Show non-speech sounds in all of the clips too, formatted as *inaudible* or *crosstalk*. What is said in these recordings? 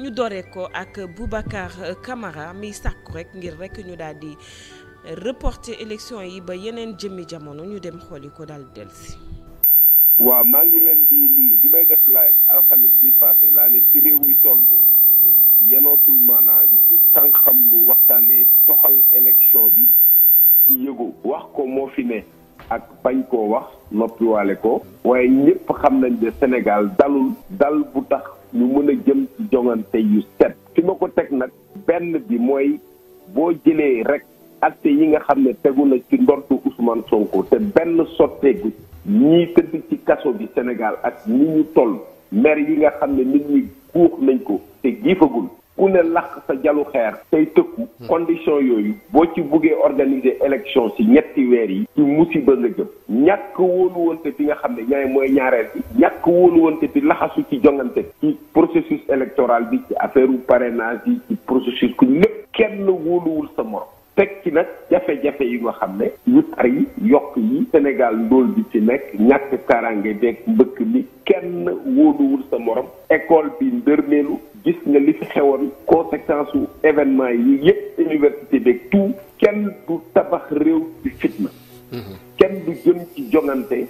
ñu dore ko ak Boubacar Camara mi sàkku rekk ngir rekk ñu daal di reporter élection yi ba yeneen jëmmi jamono ñu dem xooli ko daal di dellusi. waaw maa ngi leen di nuyu bi may def live alxamis bi passé laa ne ci réew mi toll. Mhm. yenootul maanaa ñu tànk xam lu waxtaanee toxal élection bi ci yëgu. wax ko moo fi ne. ak bañ ko wax noppiwaale ko. waaye ñëpp xam nañ ne Sénégal dal bu tax. ñu mën a jëm ci jongante yu set fi ma ko teg nag benn bi mooy boo jëlee rek acc yi nga xam ne tegu na ci ndoddu Ousmane Sonko te benn sotteegu ñii tëdd ci kaso bi Sénégal ak ni ñu toll mer yi nga xam ne nit ñi guux nañ ko te giifagul ku ne lakk sa jalu xeer tey tëkku hmm. condition yooyu boo ci buggee organiser élection si ñetti weer yi ci musiba nga jëm ñàkk wóolu wante bi nga xam ne ñaay mooy ñaareel bi ñàkk wóolu wante bi laxasu ci jongante ci processus électoral bi ci affaire u parrainage yi ci processus ku lépp kenn wóoluwul sa morom teg ci nag jafe-jafe yi nga xam ne yu tar yi yokk yi Sénégal ndóol bi ci nekk ñàkk karange beeg mbëkk ni kenn wóoluwul sa morom école bi ndërmeelu gis nga li fi xewoon conséquence su événement yi yëpp université beeg tout kenn du tabax réew ci fitna mhm. kenn du jëm ci jongante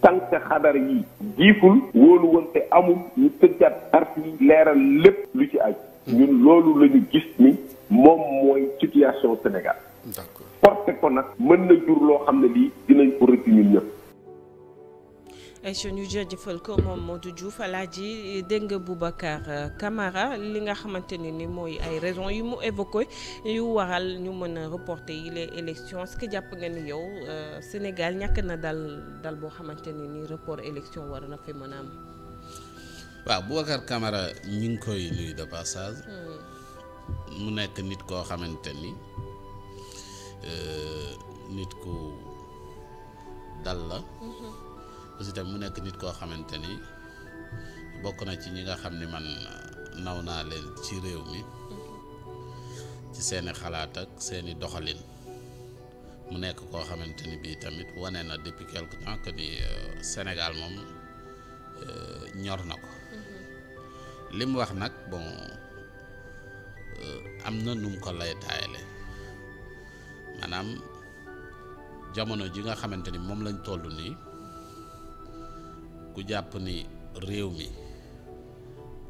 tànk xadar yi jiiful wóolu woon te amul ñu tëjjaat arf leeral lépp lu ci aj mhm. ñun loolu lañu gis ni moom mooy situation Sénégal. d'accord porté ko nag mën na jur loo xam ne lii dinañ ko rëcc ñun ñëpp. ñu jërëjëfal ko moom Modou Diouf alaaji dégg nga Boubacar euh, Camara li nga xamante ne ni mooy ay raisons yu mu évoqué yu waral ñu mën a reporté yi les élections est jàpp nga ni yow euh, Sénégal ñàkk na dal dal boo xamante ne ni report élection war na fi mën am. waaw Boubacar Camara ñu ngi koy nuyu de mu nekk nit koo xamante ni euh, nit ku dal la mm-hmm. aussi mu nekk nit koo xamante ni bokk na ci ñi nga xam ni man naw naa leen ci réew mi mm-hmm. ci seeni xalaat ak seeni doxalin mu nekk koo xamante ni bii tamit wane na depuis quelque temps que ni euh, Sénégal moom euh, ñor na ko mm-hmm. li wax nag bon Euh, am na nu mu ko lay taayale maanaam jamono ji nga xamante ni moom lañ toll nii ku jàpp ni réew mi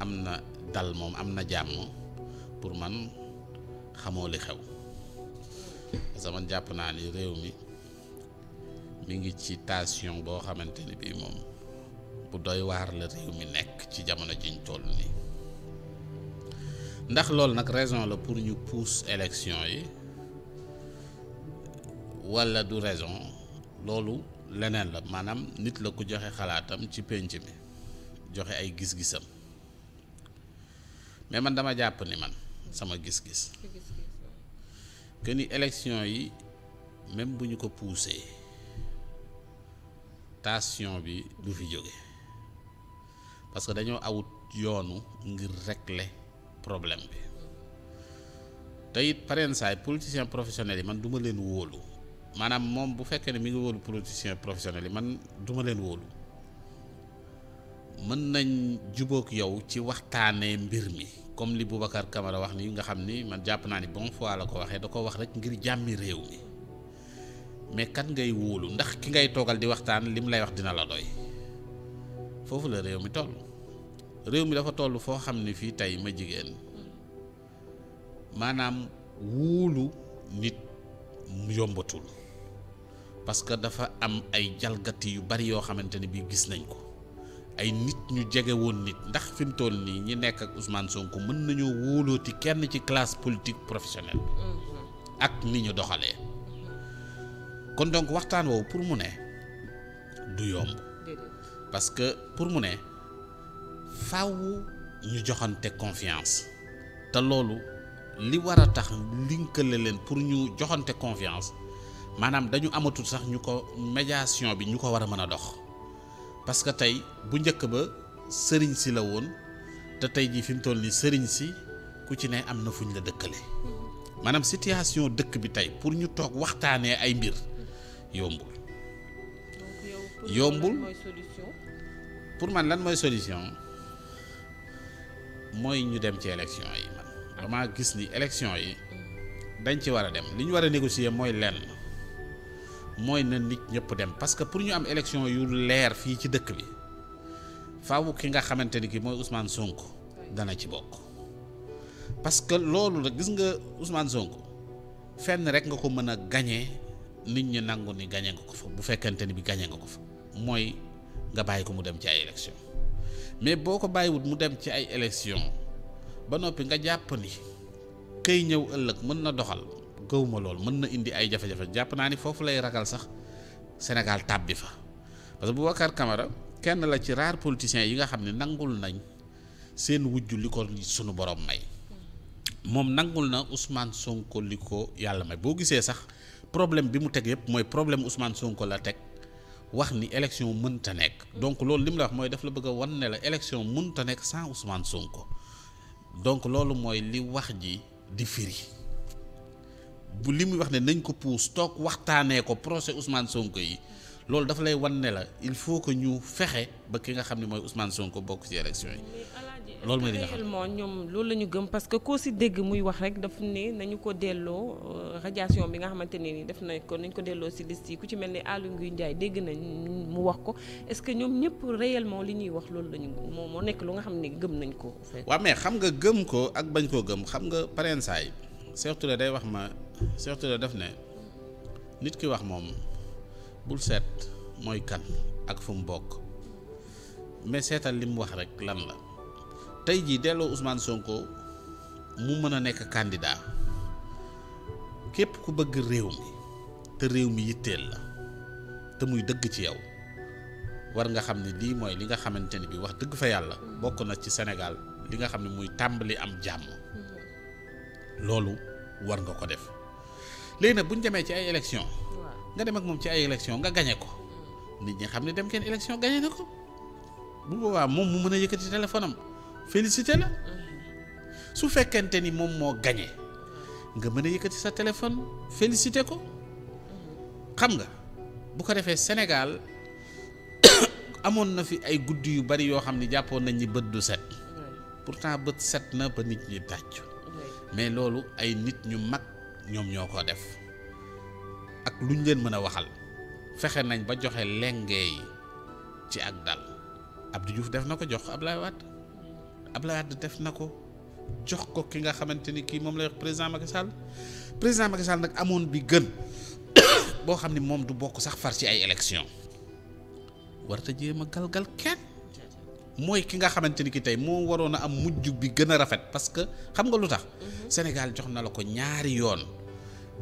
am na dal moom am na jàmm pour man xamoo li xew parce que man jàpp naa ni réew mi mu ngi ci tension boo xamante ni bii moom bu doy waar la réew mi nekk ci jamono jiñ toll nii. ndax loolu nag raison la pour ñu pousse élection yi walla du raison loolu leneen la maanaam nit la ko joxe xalaatam ci pénc mi joxe ay gis-gisam mais man dama jàpp ni man sama gis-gis que ni élection yi même bu ñu ko poussé tension bi du fi jóge parce que dañoo awut yoonu ngir régler problème bi te it pareen saay politicien professionnel yi man duma ma leen wóolu maanaam moom bu fekkee ne mi ngi wóolu politicien professionnel yi man duma leen wóolu mën nañ jubook yow ci waxtaanee mbir mi comme li Boubacar Camara wax ni nga xam ni man jàpp naa ni bonne foi la ko waxee da ko wax rek ngir jàmmi réew mi mais kan ngay wóolu ndax ki ngay toogal di waxtaan lim lay wax dina la doy foofu la réew mi toll. réew mi dafa toll foo xam ne fii tey ma jigéen maanaam wuulu nit yombatul parce que dafa am ay jalgati yu bari yoo xamante ni bii gis nañ ko ay nit ñu jege woon nit ndax fi mu toll nii ñi nekk ak usmaan Sonko mën nañoo wóolooti kenn ci classe politique professionnelle mm-hmm. ak ni ñu doxalee kon donc waxtaan woowu pour mu ne du yomb parce que pour mu ne faaw ñu joxante confiance te loolu li war a tax linkale leen pour ñu joxante confiance maanaam dañu amatul sax ñu ko médiation bi ñu ko war a mën a dox parce que tey bu njëkk ba sëriñ si la woon te tey jii fi mu toll nii sëriñ si ku ci ne am na fu ñu la dëkkale maanaam situation dëkk bi tey pour ñu toog waxtaanee ay mbir yombul yombul pour man lan mooy solution mooy ñu dem ci élection yi man damaa gis ni élection yi dañ ci war a dem li ñu war a négocier mooy lenn mooy na nit ñëpp dem parce que pour ñu am élection yu leer fii ci dëkk bi faaw ki nga xamante ni ki mooy usmaan Sonko dana ci bokk parce que loolu rek gis nga usmaan Sonko fenn rek nga ko mën a gañe nit ñi nangu ni gañe nga ko fa bu fekkente ni bi gañe nga ko fa mooy nga bàyyi ko mu dem ci ay élection mais boo ko bàyyiwut mu dem ci ay élection ba noppi nga jàpp ni kay ñëw ëllëg mën na doxal gëwuma lool mën na indi ay jafe-jafe jàpp naa ni foofu lay ragal sax Sénégal tàbbi fa parce que Boubacar Camara kenn la ci rares politiciens yi nga xam ne nangul nañ seen wujj li ko sunu borom may moom nangul na Ousmane Sonko li ko yàlla may boo gisee sax problème bi mu teg yëpp mooy problème Ousmane Sonko la teg wax ni élection mënta nekk donc loolu li mu la wax mooy daf la bëgg a wan ne la élection mënta nekk sans Ousmane Sonko donc loolu mooy li wax ji di firi bu li muy wax ne nañ ko puus toog waxtaanee ko procès Ousmane Sonko yi loolu dafa lay wan ne la il faut que ñu fexe ba ki nga xam ne mooy Ousmane Sonko bokk ci élection yi loolu mooy li nga xam la ñu gëm parce que koo si dégg muy wax rek daf ne nañu ko delloo euh, radiation bi nga xamante ne ni def nañ ko nañ ko delloo si liste yi ku ci mel ni Aly Ngouille Ndiaye dégg nañ mu wax ko est-ce que ñoom ñëpp réellement li ñuy wax loolu la ñu moo moo nekk lu nga xam ne gëm nañ ko. waaw mais xam nga gëm ko ak bañ koo gëm xam nga pareen saay surtout la day wax ma surtout la def ne nit ki wax moom bul seet mooy kan ak fu mu bokk mais seetal li mu wax rek lan la. tey jii delloo Ousmane Sonko mu mën a nekk candidat képp ku bëgg réew mi te réew mi yitteel la te muy dëgg ci yow war nga xam ne lii mooy li nga xamante ni bi wax dëgg fa yàlla bokk na ci senegal li nga xam ne muy tàmbali am jàmm loolu war nga ko def léegi nag bu ñu demee ci ay élection nga dem ak moom ci ay élection nga gañe ko nit ñi xam ne dem kenn élection gañe na ko bu boobaa moom mu mën a yëkkati téléphone félicité la su fekkente ni moom moo gagné nga mën a yëkkati sa téléphone félicité ko xam nga bu ko defee Sénégal *coughs* amoon na fi ay guddi yu bari yoo xam ne jàppoon nañ ni bët du set pourtant bët set na ba nit ñi tàccu mais loolu ay nit ñu mag ñoom ñoo ko def ak luñ leen mën a waxal fexe nañ ba joxe lengee yi ci ak dal Abdou Diouf def na ko jox Ablaye Wade Abdoulaye Wade def na ko jox ko ki nga xamante ni kii moom lay wax président Macky président Macky Sall nag amoon bi gën *coughs* boo xam ne moom du bokk sax far ci ay élection warta jéem a galgal kenn mooy ki nga xamante ni ki tey moo waroon a am mujj bi gën a rafet parce que xam nga lu tax mhm. Sénégal jox na la ko ñaari yoon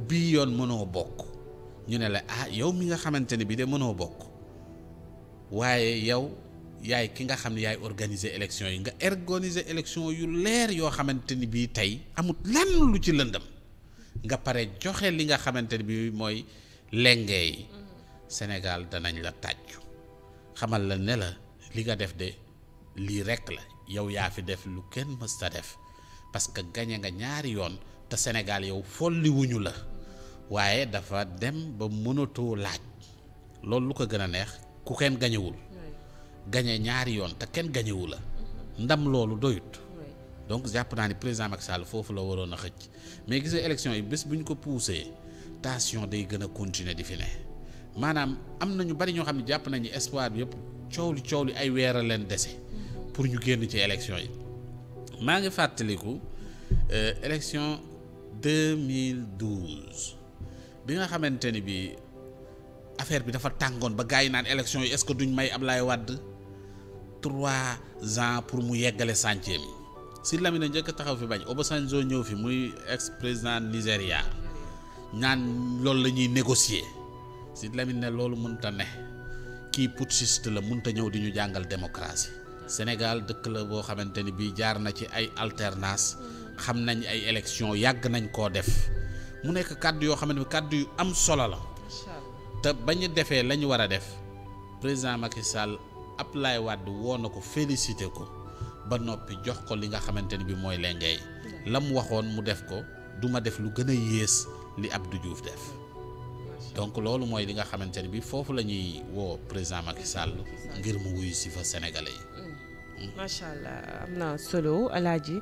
bii yoon mënoo bokk ñu ne la ah yow mi nga xamante ni bi de mënoo bokk waaye yow yaay ki nga xam ne yaay organiser élection yi nga organiser élection yu leer yoo xamante ni bii tey amut lan lu ci lëndam nga pare joxe li nga xamante ni bii mooy lenge yi Sénégal danañ la tàccu xamal la ne la li nga def de lii rek la yow yaa fi def lu kenn mësta def parce que gañe nga ñaari yoon te Sénégal yow folliwuñu la waaye dafa dem ba mënatoo laaj loolu lu ko gën a neex ku kenn gañewul gañe ñaari yoon te kenn gañewu la ndam loolu doyut donc jàpp naa ni président Macky Sall foofu la waroon a xëcc mais gis nga élection yi bés bu ñu ko poussé tension day gën a continuer di fi ne maanaam am na ñu bari ñoo xam ne jàpp nañu espoir bi yëpp coow li coow li ay weer a leen dese pour ñu génn ci élection yi maa ngi fàttaliku euh, élection 2012 bi nga xamante ni bi affaire bi dafa tàngoon ba gars yi naan élection yi est que duñ may Ablaye wàdd trois ans pour mu yeggale chantier mi Sidy Lamine njëkk taxaw fi bañ Obasanjo ñëw fi muy ex président Nigéria ñaan loolu la ñuy négocier Sidy Lamine ne loolu mënta ne kii putschiste la mënta ñëw di ñu jàngal démocratie Sénégal dëkk la boo xamante ni bii jaar na ci ay alternance xam nañ ay élection yàgg nañ koo def mu nekk kàddu yoo xamante ni kàddu yu am solo la te ba ñu defee la ñu war a def président Macky Abdoulaye Wade woon na ko félicité ko ba noppi jox ko li nga xamante ne bi mooy lengee la mu waxoon mu def ko du ma def lu gën a yées li Abdou Diouf def donc loolu mooy li nga xamante ne bi foofu la ñuy woo président Macky Sall ngir mu wuyu si fa sénégalais yi mm.